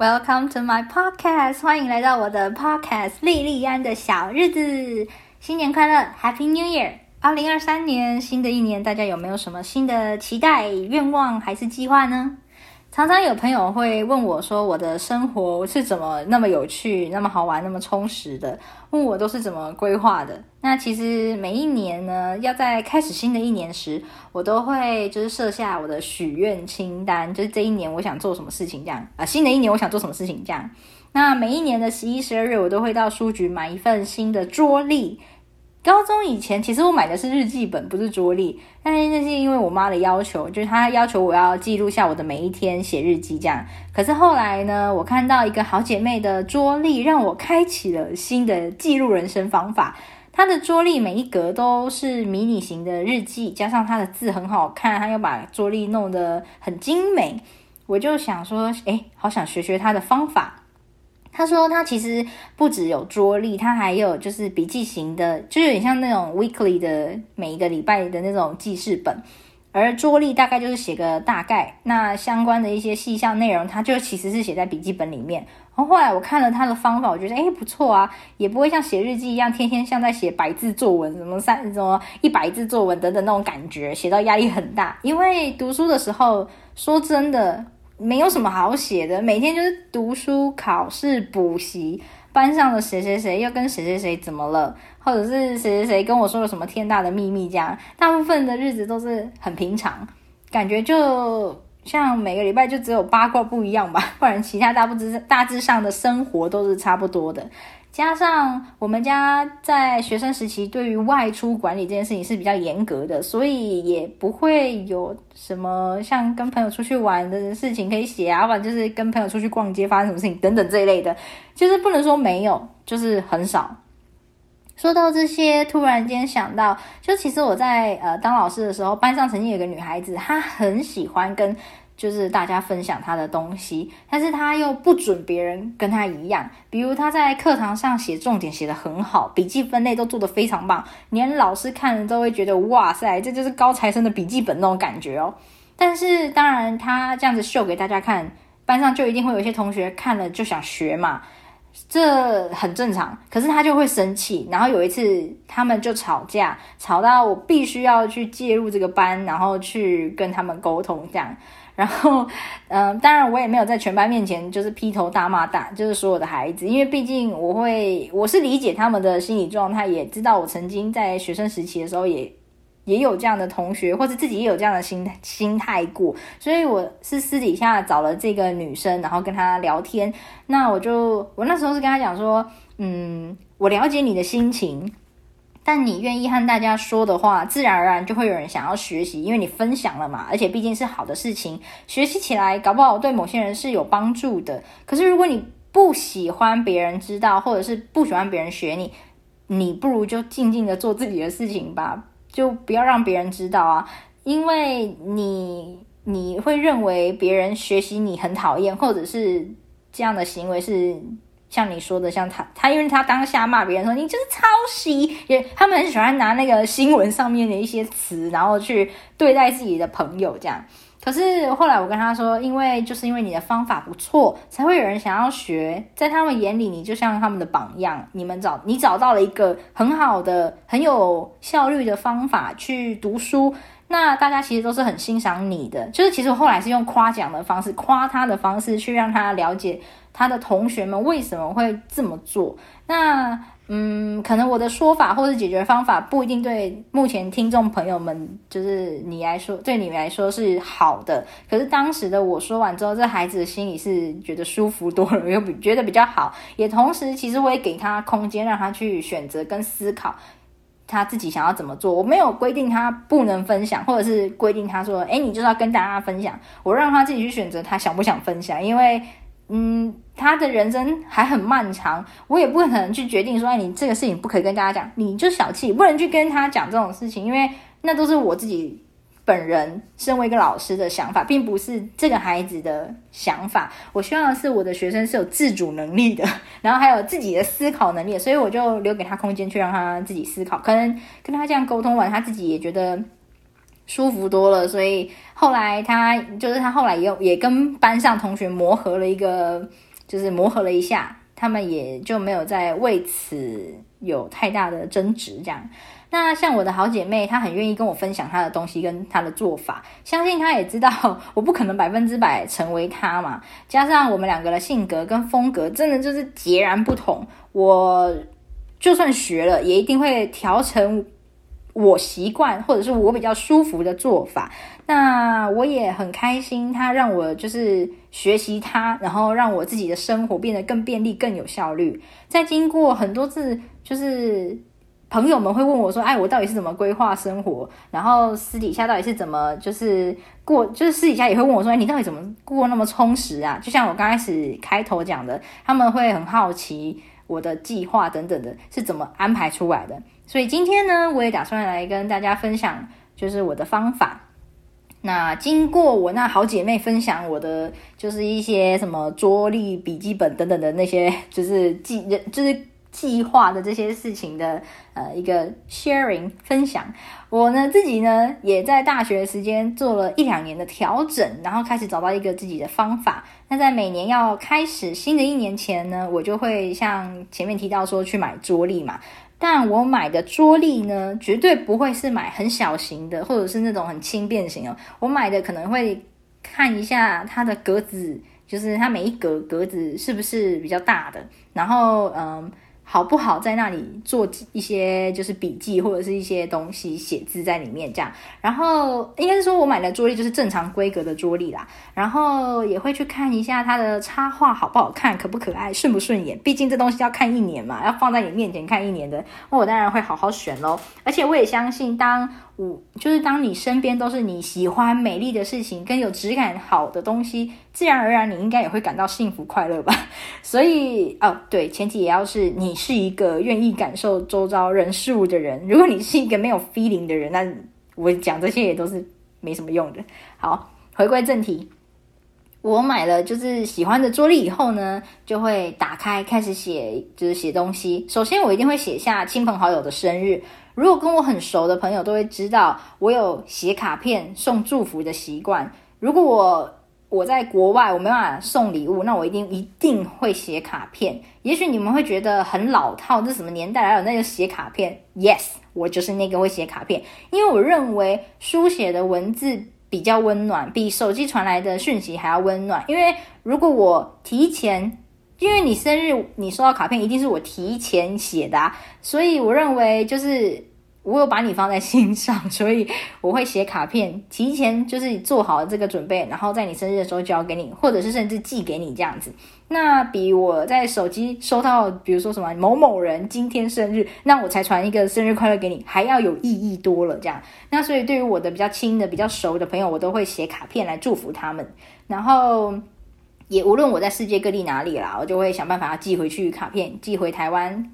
Welcome to my podcast，歡迎來到我的 podcast 莉莉安的小日子。新年快樂，Happy New Year！二零二三年新的一年，大家有沒有什麼新的期待、願望還是計劃呢？常常有朋友會問我說：“我的生活是怎麼那麼有趣、那麼好玩、那麼充實的？問我都是怎麼規劃的？”那其實每一年呢，要在開始新的一年時，我都會就是設下我的許願清單，就是這一年我想做什麼事情這樣啊、呃，新的一年我想做什麼事情這樣。那每一年的十一、十二月，我都會到書局買一份新的桌曆。高中以前，其實我買的是日記本，不是桌曆。但是那是因為我媽的要求，就是她要求我要記錄下我的每一天，寫日記這樣。可是後來呢，我看到一個好姐妹的桌曆，讓我開啟了新的記錄人生方法。她的桌曆每一格都是迷你型的日記，加上她的字很好看，她又把桌曆弄得很精美，我就想說，哎，好想學學她的方法。他說，他其實不只有桌曆，他還有就是筆記型的，就有點像那種 weekly 的每一個禮拜的那種記事本。而桌曆大概就是寫個大概，那相關的一些細項內容，他就其實是寫在筆記本裡面。然後後來我看了他的方法，我覺得誒、欸、不錯啊，也不會像寫日記一樣，天天像在寫百字作文，什麼三什麼一百字作文等等那種感覺，寫到壓力很大。因為讀書的時候，說真的。沒有什麼好寫的，每天就是讀書、考試、補習。班上的誰誰誰又跟誰誰誰怎麼了，或者是誰誰誰跟我說了什麼天大的祕密，這樣。大部分的日子都是很平常，感覺就像每個禮拜就只有八卦不一樣吧，不然其他大部分大致上的生活都是差不多的。加上我們家在學生時期對於外出管理這件事情是比較嚴格的，所以也不會有什麼像跟朋友出去玩的事情可以寫啊，或者就是跟朋友出去逛街發生什麼事情等等這一類的，就是不能說沒有，就是很少。說到這些，突然間想到，就其實我在呃當老師的時候，班上曾經有個女孩子，她很喜歡跟。就是大家分享他的東西，但是他又不准別人跟他一樣。比如他在課堂上寫重點寫得很好，筆記分類都做得非常棒，連老師看了都會覺得哇塞，這就是高材生的筆記本那種感覺哦。但是當然他這樣子秀給大家看，班上就一定會有一些同學看了就想學嘛，這很正常。可是他就會生氣，然後有一次他們就吵架，吵到我必須要去介入這個班，然後去跟他們溝通這樣。然後，嗯，當然我也沒有在全班面前就是劈頭大罵大，就是所有的孩子，因為畢竟我會我是理解他們的心理狀態，也知道我曾經在學生時期的時候也也有這樣的同學，或者自己也有這樣的心心態過，所以我是私底下找了這個女生，然後跟她聊天。那我就我那時候是跟她講說，嗯，我了解你的心情。但你願意和大家說的話，自然而然就會有人想要學習，因為你分享了嘛，而且畢竟是好的事情，學習起來，搞不好對某些人是有幫助的。可是如果你不喜歡別人知道，或者是不喜歡別人學你，你不如就靜靜的做自己的事情吧，就不要讓別人知道啊，因為你你會認為別人學習你很討厭，或者是這樣的行為是。像你說的，像他，他因為他當下罵別人說，你就是抄襲，也他們很喜歡拿那個新聞上面的一些詞，然後去對待自己的朋友這樣。可是後來我跟他說，因為就是因為你的方法不錯，才會有人想要學。在他們眼裡，你就像他們的榜樣。你們找你找到了一個很好的、很有效率的方法去讀書，那大家其實都是很欣賞你的。就是其實我後來是用誇獎的方式，誇他的方式去讓他了解。他的同學們為什麼會這麼做？那嗯，可能我的說法或者解決方法不一定對目前聽眾朋友們，就是你來說，對你們來說是好的。可是當時的我說完之後，這孩子的心裡是覺得舒服多了，又比覺得比較好。也同時，其實我也給他空間，讓他去選擇跟思考他自己想要怎麼做。我沒有規定他不能分享，或者是規定他說：“誒，你就是要跟大家分享。”我讓他自己去選擇，他想不想分享，因為。嗯，他的人生還很漫長，我也不可能去決定說，哎，你這個事情不可以跟大家講，你就小氣，不能去跟他講這種事情，因為那都是我自己本人身為一個老師的想法，並不是這個孩子的想法。我希望的是我的學生是有自主能力的，然後還有自己的思考能力，所以我就留給他空間去讓他自己思考。可能跟他這樣溝通完，他自己也覺得。舒服多了，所以後來他就是他後來也也跟班上同學磨合了一個，就是磨合了一下，他們也就沒有再為此有太大的爭執。這樣，那像我的好姐妹，她很願意跟我分享她的東西跟她的做法，相信她也知道我不可能百分之百成為她嘛。加上我們兩個的性格跟風格真的就是截然不同，我就算學了，也一定會調成我習慣或者是我比較舒服的做法，那我也很開心。它讓我就是學習它，然後讓我自己的生活變得更便利、更有效率。在經過很多次，就是朋友們會問我說：“哎，我到底是怎麼規劃生活？”然後私底下到底是怎麼就是過，就是私底下也會問我說：“哎，你到底怎麼過那麼充實啊？”就像我剛開始開頭講的，他們會很好奇。我的計劃等等的是怎麼安排出來的？所以今天呢，我也打算來跟大家分享，就是我的方法。那經過我那好姐妹分享我的，就是一些什麼桌曆、筆記本等等的那些，就是記，就是，計劃的這些事情的呃一個 sharing 分享，我呢自己呢也在大學的時間做了一兩年的調整，然後開始找到一個自己的方法。那在每年要開始新的一年前呢，我就會像前面提到說去買桌曆嘛，但我買的桌曆呢絕對不會是買很小型的，或者是那種很輕便型哦。我買的可能會看一下它的格子，就是它每一格格子是不是比較大的，然後嗯。呃好不好在那裡做一些就是筆記或者是一些東西寫字在裡面這樣，然後應該是說我買的桌曆就是正常規格的桌曆啦，然後也會去看一下它的插畫好不好看，可不可愛，順不順眼，畢竟這東西要看一年嘛，要放在你面前看一年的，那我當然會好好選咯，而且我也相信當。就是當你身邊都是你喜歡美麗的事情跟有質感好的東西，自然而然你應該也會感到幸福快樂吧。所以哦，對，前提也要是你是一個願意感受周遭人事物的人。如果你是一個沒有 feeling 的人，那我講這些也都是沒什麼用的。好，回歸正題，我買了就是喜歡的桌曆以後呢，就會打開開始寫，就是寫東西。首先，我一定會寫下親朋好友的生日。如果跟我很熟的朋友都會知道，我有寫卡片送祝福的習慣。如果我我在國外，我沒辦法送禮物，那我一定一定會寫卡片。也許你們會覺得很老套，這什麼年代來了？那就寫卡片。Yes，我就是那個會寫卡片，因為我認為書寫的文字比較溫暖，比手機傳來的訊息還要溫暖。因為如果我提前，因為你生日，你收到卡片一定是我提前寫的啊，所以我認為就是。我有把你放在心上，所以我會寫卡片，提前就是做好這個準備，然後在你生日的時候交給你，或者是甚至寄給你這樣子。那比我在手機收到，比如說什麼某某人今天生日，那我才傳一個生日快樂給你，還要有意義多了這樣。那所以對於我的比較親的、比較熟的朋友，我都會寫卡片來祝福他們。然後也無論我在世界各地哪裡啦，我就會想辦法寄回去卡片，寄回台灣，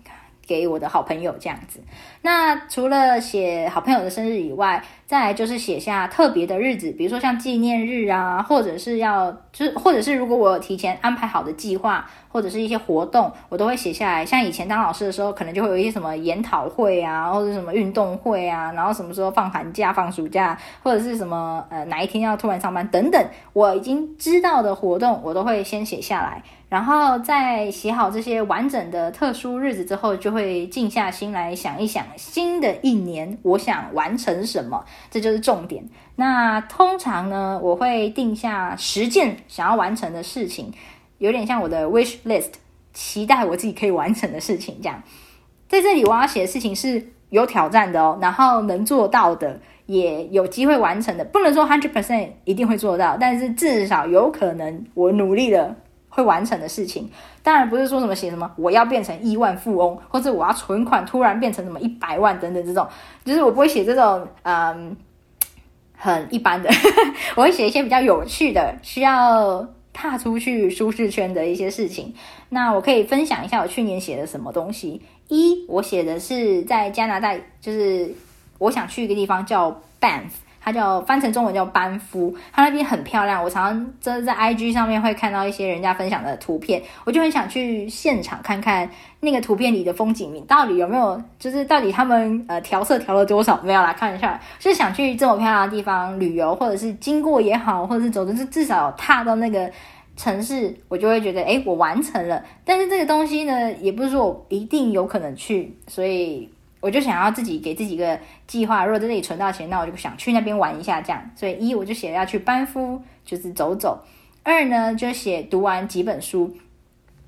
給我的好朋友這樣子。那除了寫好朋友的生日以外，再來就是寫下特別的日子，比如說像紀念日啊，或者是要，就是或者是如果我有提前安排好的計劃，或者是一些活動，我都會寫下來。像以前當老師的時候，可能就會有一些什麼研討會啊，或者什麼運動會啊，然後什麼時候放寒假、放暑假，或者是什麼呃哪一天要突然上班等等，我已經知道的活動，我都會先寫下來。然後在寫好這些完整的特殊日子之後，就會靜下心來想一想，新的一年我想完成什麼。這就是重點。那通常呢，我會定下十件想要完成的事情，有點像我的 wish list，期待我自己可以完成的事情。這樣，在這裡我要寫的事情是有挑戰的哦，然後能做到的，也有機會完成的，不能說 hundred percent 一定會做到，但是至少有可能我努力了會完成的事情。當然不是說什麼寫什麼，我要變成億萬富翁，或者我要存款突然變成什麼一百萬等等這種，就是我不會寫這種嗯很一般的， 我會寫一些比較有趣的，需要踏出去舒適圈的一些事情。那我可以分享一下我去年寫的什麼東西。一，我寫的是在加拿大，就是我想去一個地方叫 Banff。它叫翻成中文叫班夫，它那邊很漂亮。我常常真的在 IG 上面會看到一些人家分享的圖片，我就很想去現場看看那個圖片裡的風景，你到底有沒有，就是到底他們呃調色調了多少，沒有來看一下。就是想去這麼漂亮的地方旅遊，或者是經過也好，或者是走的是至少有踏到那個城市，我就會覺得誒、欸，我完成了。但是這個東西呢，也不是說我一定有可能去，所以。我就想要自己給自己一個計劃，如果在這裡存到錢，那我就想去那邊玩一下，這樣。所以一我就寫了要去班夫，就是走走；二呢就寫讀完幾本書。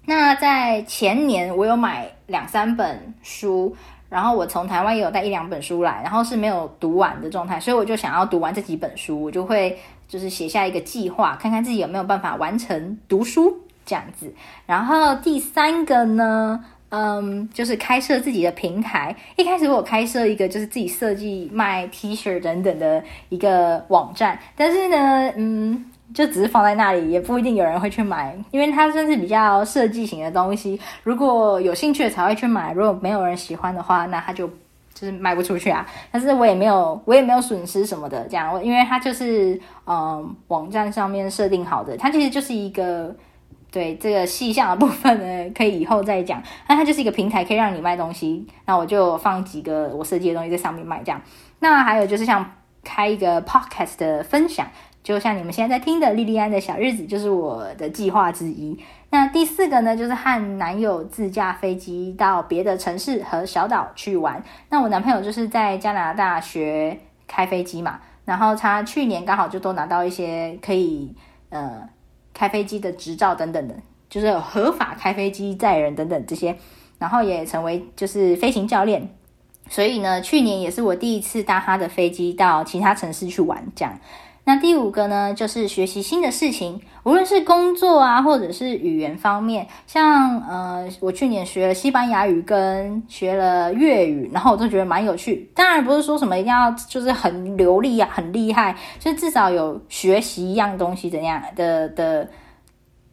那在前年我有買兩三本書，然後我從台灣也有帶一兩本書來，然後是沒有讀完的狀態，所以我就想要讀完這幾本書，我就會就是寫下一個計劃，看看自己有沒有辦法完成讀書這樣子。然後第三個呢？嗯，um, 就是開設自己的平台。一開始我開設一個，就是自己設計賣 T 恤等等的一個網站。但是呢，嗯，就只是放在那裡，也不一定有人會去買，因為它算是比較設計型的東西。如果有興趣的才會去買，如果沒有人喜歡的話，那它就就是賣不出去啊。但是我也沒有，我也沒有損失什麼的。這樣，因為它就是嗯，網站上面設定好的，它其實就是一個。對，這個細項的部分呢，可以以後再講。那它就是一個平台，可以讓你賣東西。那我就放幾個我設計的東西在上面賣，這樣。那還有就是像開一個 podcast 的分享，就像你們現在在聽的莉莉安的小日子，就是我的計劃之一。那第四個呢，就是和男友自駕飛機到別的城市和小島去玩。那我男朋友就是在加拿大學開飛機嘛，然後他去年剛好就都拿到一些可以呃。開飛機的執照等等的，就是合法開飛機載人等等這些，然後也成為就是飛行教練。所以呢，去年也是我第一次搭他的飛機到其他城市去玩，這樣。那第五個呢，就是學習新的事情，無論是工作啊，或者是語言方面，像呃，我去年學了西班牙語跟學了粵語，然後我都覺得蠻有趣。當然不是說什麼一定要就是很流利啊，很厲害，就至少有學習一樣東西怎樣的的，的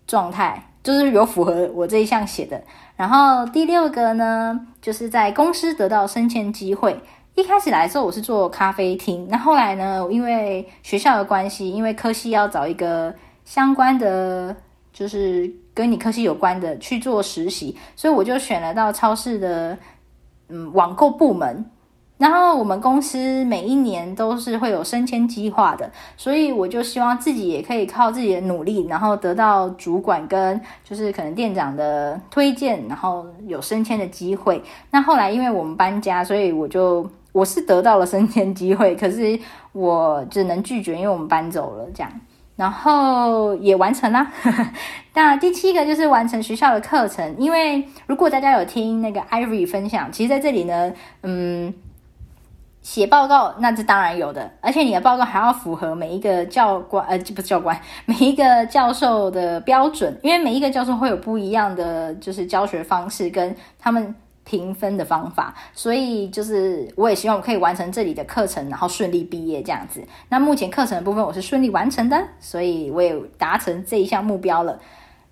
狀態，就是有符合我這一項寫的。然後第六個呢，就是在公司得到升遷機會。一開始來的時候，我是做咖啡廳，那後來呢？因為學校的關係，因為科系要找一個相關的，就是跟你科系有關的去做實習，所以我就選了到超市的嗯網購部門。然後我們公司每一年都是會有升遷計劃的，所以我就希望自己也可以靠自己的努力，然後得到主管跟就是可能店長的推薦，然後有升遷的機會。那後來因為我們搬家，所以我就。我是得到了升遷機會，可是我只能拒絕，因為我們搬走了這樣，然後也完成啦。 那第七個就是完成學校的課程，因為如果大家有聽那個 Ivy 分享，其實在這裡呢，嗯，寫報告，那這當然有的，而且你的報告還要符合每一個教官呃，不是教官，每一個教授的標準，因為每一個教授會有不一樣的就是教學方式跟他們。評分的方法，所以就是我也希望我可以完成這裡的課程，然後順利畢業這樣子。那目前課程的部分我是順利完成的，所以我也達成這一項目標了。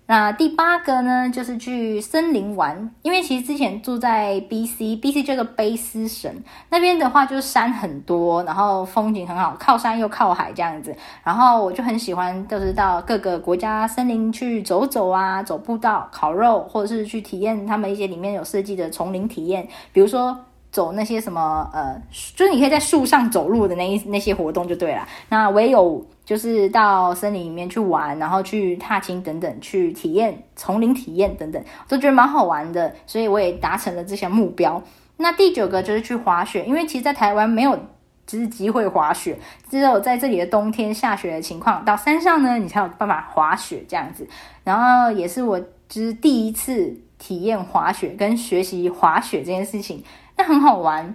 那第八個呢，就是去森林玩，因為其實之前住在 BC，BC 叫做卑斯省，那邊的話就是山很多，然後風景很好，靠山又靠海這樣子，然後我就很喜歡，就是到各個國家森林去走走啊，走步道、烤肉，或者是去體驗他們一些裡面有設計的叢林體驗，比如說走那些什麼，呃，就是你可以在樹上走路的那一那些活動就對了。那唯有。就是到森林裡面去玩，然後去踏青等等，去體驗叢林體驗等等，都覺得蠻好玩的，所以我也達成了這些目標。那第九個就是去滑雪，因為其實在台灣沒有就是機會滑雪，只有在這裡的冬天下雪的情況，到山上呢，你才有辦法滑雪這樣子。然後也是我就是第一次體驗滑雪跟學習滑雪這件事情，那很好玩。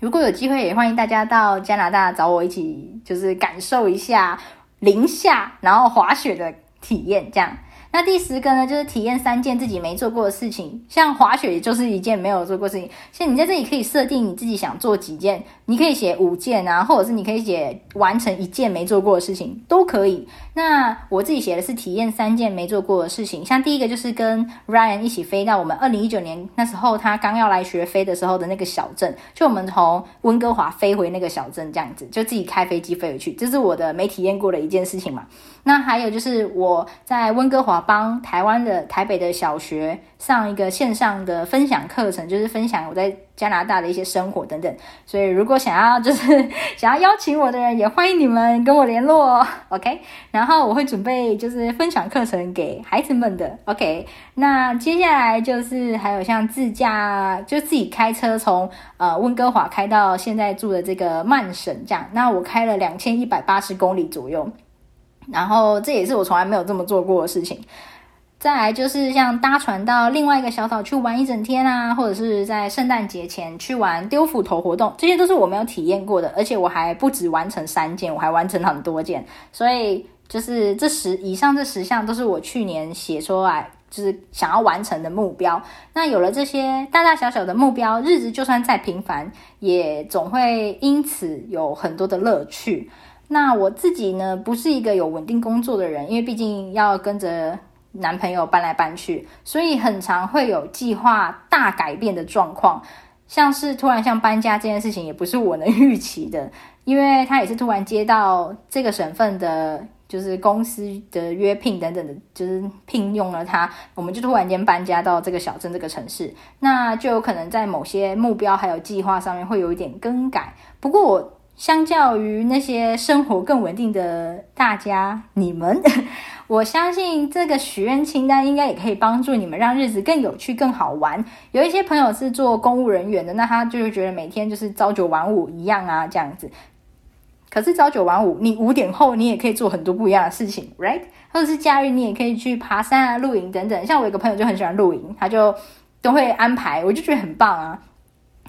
如果有機會，也歡迎大家到加拿大找我一起，就是感受一下零下然後滑雪的體驗。這樣，那第十個呢，就是體驗三件自己沒做過的事情，像滑雪就是一件沒有做過的事情。像你在這裡可以設定你自己想做幾件，你可以寫五件啊，或者是你可以寫完成一件沒做過的事情都可以。那我自己寫的是體驗三件沒做過的事情，像第一個就是跟 Ryan 一起飛到我們二零一九年那時候他剛要來學飛的時候的那個小鎮，就我們從溫哥華飛回那個小鎮這樣子，就自己開飛機飛回去，這是我的沒體驗過的一件事情嘛。那還有就是我在溫哥華幫台灣的台北的小學上一個線上的分享課程，就是分享我在。加拿大的一些生活等等，所以如果想要就是想要邀請我的人，也歡迎你們跟我聯絡哦，OK。然後我會準備就是分享課程給孩子們的，OK。那接下來就是還有像自駕，就自己開車從呃溫哥華開到現在住的這個曼省，這樣。那我開了兩千一百八十公里左右，然後這也是我從來沒有這麼做過的事情。再來就是像搭船到另外一個小島去玩一整天啊，或者是在聖誕節前去玩丟斧頭活動，這些都是我沒有體驗過的。而且我還不止完成三件，我還完成很多件。所以就是這十以上這十項都是我去年寫出來，就是想要完成的目標。那有了這些大大小小的目標，日子就算再平凡，也總會因此有很多的樂趣。那我自己呢，不是一個有穩定工作的人，因為畢竟要跟着。男朋友搬來搬去，所以很常會有計劃大改變的狀況，像是突然像搬家這件事情也不是我能預期的，因為他也是突然接到這個省份的，就是公司的約聘等等的，就是聘用了他，我們就突然間搬家到這個小鎮這個城市，那就有可能在某些目標還有計劃上面會有一點更改。不過我相較於那些生活更穩定的大家，你們。我相信這個許願清單應該也可以幫助你們讓日子更有趣、更好玩。有一些朋友是做公務人員的，那他就會覺得每天就是朝九晚五一樣啊，這樣子。可是朝九晚五，你五點後你也可以做很多不一樣的事情，right？或者是假日你也可以去爬山啊、露營等等。像我一個朋友就很喜歡露營，他就都會安排，我就覺得很棒啊。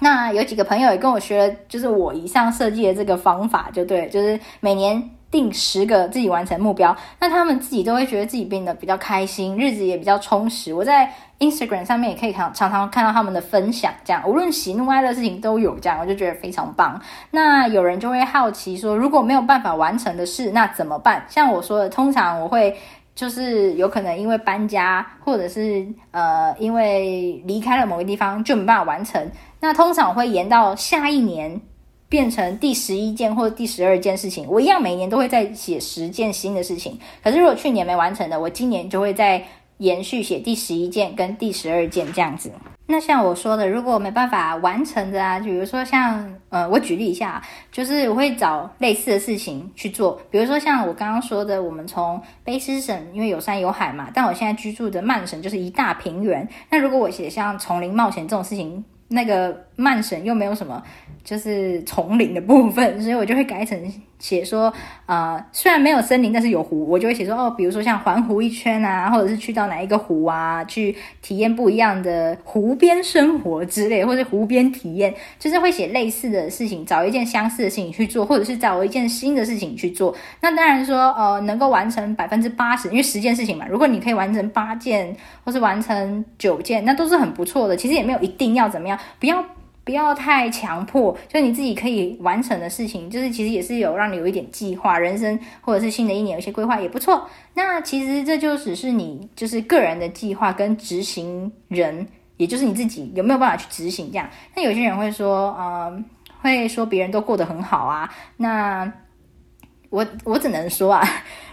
那有幾個朋友也跟我學了，就是我以上設計的這個方法，就對了，就是每年。定十個自己完成的目標，那他們自己都會覺得自己變得比較開心，日子也比較充實。我在 Instagram 上面也可以常常常看到他們的分享，這樣無論喜怒哀樂事情都有這樣，我就覺得非常棒。那有人就會好奇說，如果沒有辦法完成的事，那怎麼辦？像我說的，通常我會就是有可能因為搬家，或者是，呃，因為離開了某個地方就沒辦法完成，那通常會延到下一年。變成第十一件或者第十二件事情，我一樣每年都會再寫十件新的事情，可是如果去年沒完成的，我今年就會再延續寫第十一件跟第十二件這樣子。那像我說的，如果沒辦法完成的啊，比如說像呃，我舉例一下啊，就是我會找類似的事情去做。比如說像我剛剛說的，我們從卑詩省，因為有山有海嘛，但我現在居住的曼省就是一大平原。那如果我寫像叢林冒險這種事情，那個。漫審又沒有什麼，就是叢林的部分，所以我就會改成寫說，呃，雖然沒有森林，但是有湖，我就會寫說，哦，比如說像環湖一圈啊，或者是去到哪一個湖啊，去體驗不一樣的湖邊生活之類，或者是湖邊體驗，就是會寫類似的事情，找一件相似的事情去做，或者是找一件新的事情去做。那當然說，呃，能夠完成百分之八十，因為十件事情嘛，如果你可以完成八件，或是完成九件，那都是很不錯的。其實也沒有一定要怎麼樣，不要。不要太強迫，就你自己可以完成的事情，就是其實也是有讓你有一點計劃人生，或者是新的一年有一些規劃也不錯。那其實這就只是你就是個人的計劃跟執行人，也就是你自己有沒有辦法去執行這樣。那有些人會說，嗯、呃，會說別人都過得很好啊，那我我只能說啊。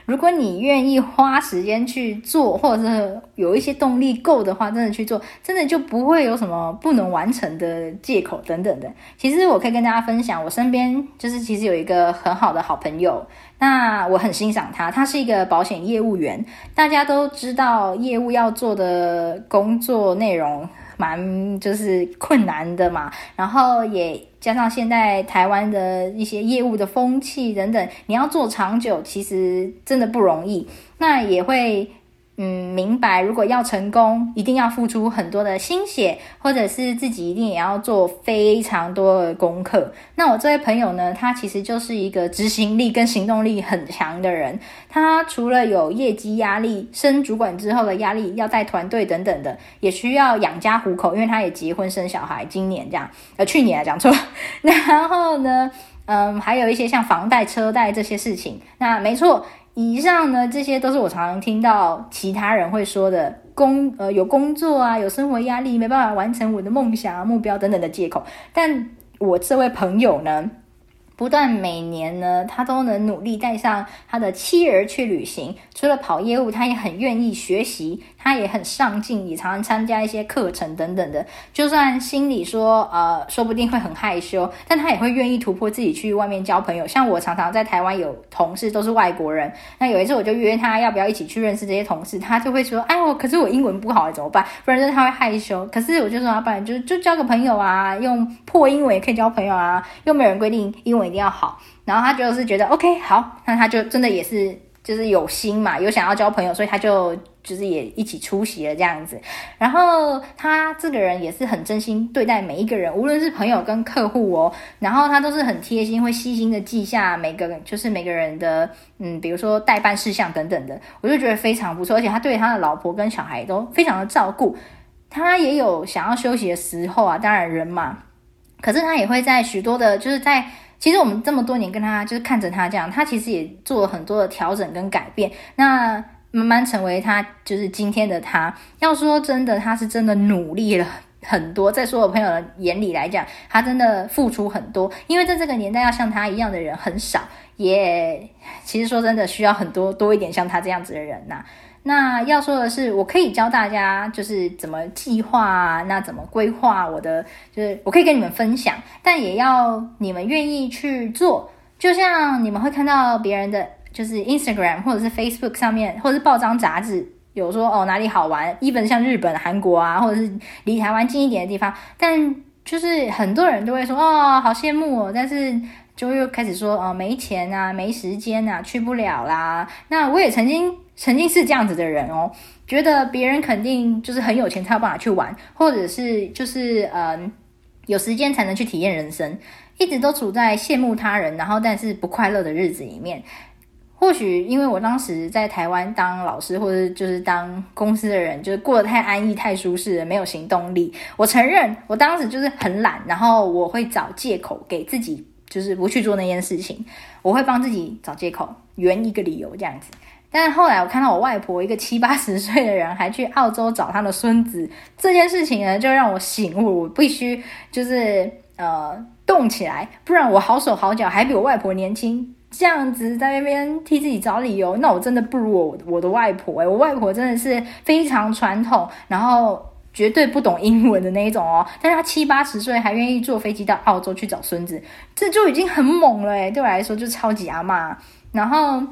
如果你願意花時間去做，或者是有一些動力夠的話，真的去做，真的就不會有什麼不能完成的借口等等的。其實我可以跟大家分享，我身邊就是其實有一個很好的好朋友，那我很欣賞他，他是一個保險業務員。大家都知道業務要做的工作內容，蠻就是困難的嘛，然後也加上現在台灣的一些業務的風氣等等，你要做長久，其實真的不容易。那也會。嗯，明白。如果要成功，一定要付出很多的心血，或者是自己一定也要做非常多的功課。那我這位朋友呢，他其實就是一個執行力跟行動力很強的人。他除了有業績壓力，升主管之後的壓力，要帶團隊等等的，也需要養家糊口，因為他也結婚生小孩。今年這樣，呃，去年，來講錯了。然後呢，嗯，還有一些像房貸、車貸這些事情。那沒錯。以上呢，這些都是我常常聽到其他人會說的，工，呃，有工作啊，有生活壓力，沒辦法完成我的夢想啊、目標等等的借口。但我這位朋友呢，不但每年呢，他都能努力帶上他的妻兒去旅行，除了跑業務，他也很願意學習。他也很上進，也常常參加一些課程等等的。就算心裡說，呃，說不定會很害羞，但他也會願意突破自己去外面交朋友。像我常常在台灣有同事都是外國人，那有一次我就約他要不要一起去認識這些同事，他就會說，哎，我可是我英文不好，怎麼辦？不然就是他會害羞。可是我就說，要不然就就交個朋友啊，用破英文也可以交朋友啊，又沒有人規定英文一定要好。然後他就是覺得 OK 好，那他就真的也是就是有心嘛，有想要交朋友，所以他就。就是也一起出席了這樣子，然後他這個人也是很真心對待每一個人，無論是朋友跟客戶哦、喔，然後他都是很貼心，會細心的記下每個就是每個人的，嗯，比如說待辦事項等等的，我就覺得非常不錯。而且他對他的老婆跟小孩都非常的照顧，他也有想要休息的時候啊，當然人嘛，可是他也會在許多的，就是在其實我們這麼多年跟他就是看着他這樣，他其實也做了很多的調整跟改變，那。慢慢成為他，就是今天的他。要說真的，他是真的努力了很多，在所有朋友的眼裡來講，他真的付出很多。因為在這個年代，要像他一樣的人很少，也其實說真的，需要很多多一點像他這樣子的人吶啊。那要說的是，我可以教大家就是怎麼計劃，那怎麼規劃我的，就是我可以跟你們分享，但也要你們願意去做。就像你們會看到別人的。就是 Instagram 或者是 Facebook 上面，或者是報章雜誌有說哦哪裡好玩 even 像日本、韓國啊，或者是離台灣近一點的地方，但就是很多人都會說哦好羨慕哦，但是就又開始說哦沒錢啊，沒時間啊，去不了啦。那我也曾經曾經是這樣子的人哦，覺得別人肯定就是很有錢才有辦法去玩，或者是就是嗯有時間才能去體驗人生，一直都處在羨慕他人，然後但是不快樂的日子裡面。或許因為我當時在台灣當老師，或者就是當公司的人，就是過得太安逸、太舒適，沒有行動力。我承認，我當時就是很懶，然後我會找借口給自己，就是不去做那件事情。我會幫自己找借口，圓一個理由這樣子。但後來我看到我外婆一個七八十歲的人，還去澳洲找他的孫子這件事情呢，就讓我醒悟，我必須就是呃動起來，不然我好手好腳還比我外婆年輕。這樣子在那邊替自己找理由，那我真的不如我我的外婆欸，我外婆真的是非常傳統，然後絕對不懂英文的那一種喔。但她七八十歲還願意坐飛機到澳洲去找孫子，這就已經很猛了欸。對我來說就超級阿嬤。然後，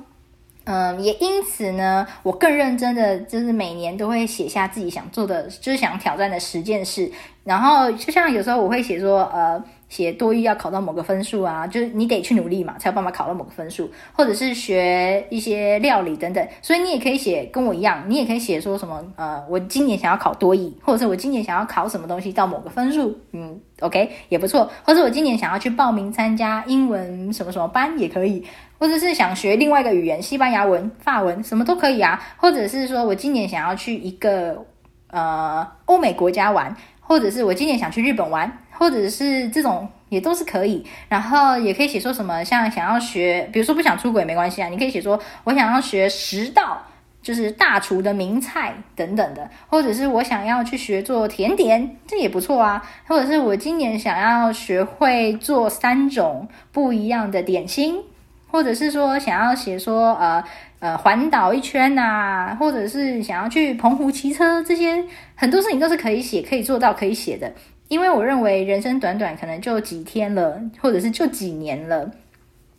嗯，也因此呢，我更認真的就是每年都會寫下自己想做的，就是想挑戰的十件事。然後就像有時候我會寫說，呃。寫多益要考到某個分數啊，就是你得去努力嘛，才有辦法考到某個分數，或者是學一些料理等等。所以你也可以寫跟我一樣，你也可以寫說什麼，呃，我今年想要考多益，或者是我今年想要考什麼東西到某個分數，嗯，OK 也不錯。或者是我今年想要去報名參加英文什麼什麼班也可以，或者是想學另外一個語言，西班牙文、法文什麼都可以啊。或者是說我今年想要去一個呃歐美國家玩，或者是我今年想去日本玩。或者是這種也都是可以，然後也可以寫說什麼，像想要學，比如說不想出軌沒關係啊，你可以寫說我想要學十道，就是大廚的名菜等等的，或者是我想要去學做甜點，這也不錯啊，或者是我今年想要學會做三種不一樣的點心，或者是說想要寫說呃呃環島一圈啊，或者是想要去澎湖騎車，這些很多事情都是可以寫，可以做到，可以寫的。因為我認為人生短短，可能就幾天了，或者是就幾年了。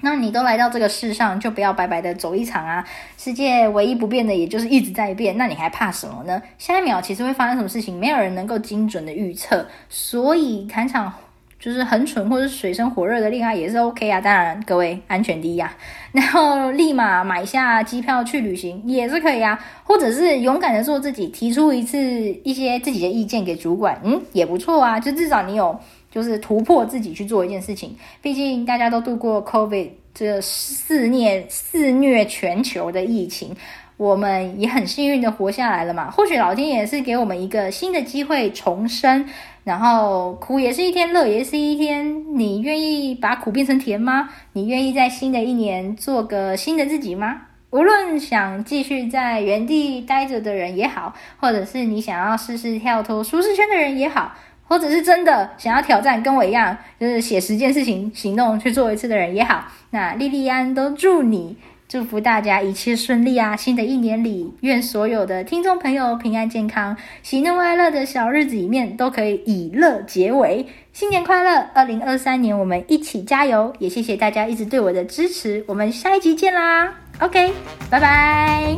那你都來到這個世上，就不要白白的走一場啊！世界唯一不變的，也就是一直在變。那你還怕什麼呢？下一秒其實會發生什麼事情，沒有人能夠精準的預測。所以，坎場。就是很蠢或是、啊，或者水深火熱的戀愛也是 OK 啊。當然，各位安全第一呀、啊。然後立馬買下機票去旅行也是可以啊。或者是勇敢的做自己，提出一次一些自己的意見給主管，嗯，也不錯啊。就至少你有就是突破自己去做一件事情。畢竟大家都度過 COVID 這肆虐肆虐全球的疫情，我們也很幸運的活下來了嘛。或許老天也是給我們一個新的機會重生。然後苦也是一天，樂也是一天。你願意把苦變成甜嗎？你願意在新的一年做個新的自己嗎？無論想繼續在原地待着的人也好，或者是你想要試試跳脫舒適圈的人也好，或者是真的想要挑戰跟我一樣，就是寫十件事情行動去做一次的人也好，那莉莉安都祝你。祝福大家一切順利啊！新的一年裡，願所有的聽眾朋友平安健康，喜怒哀樂的小日子裡面都可以以樂結尾。新年快樂！二零二三年我們一起加油！也謝謝大家一直對我的支持。我們下一集見啦！OK，拜拜。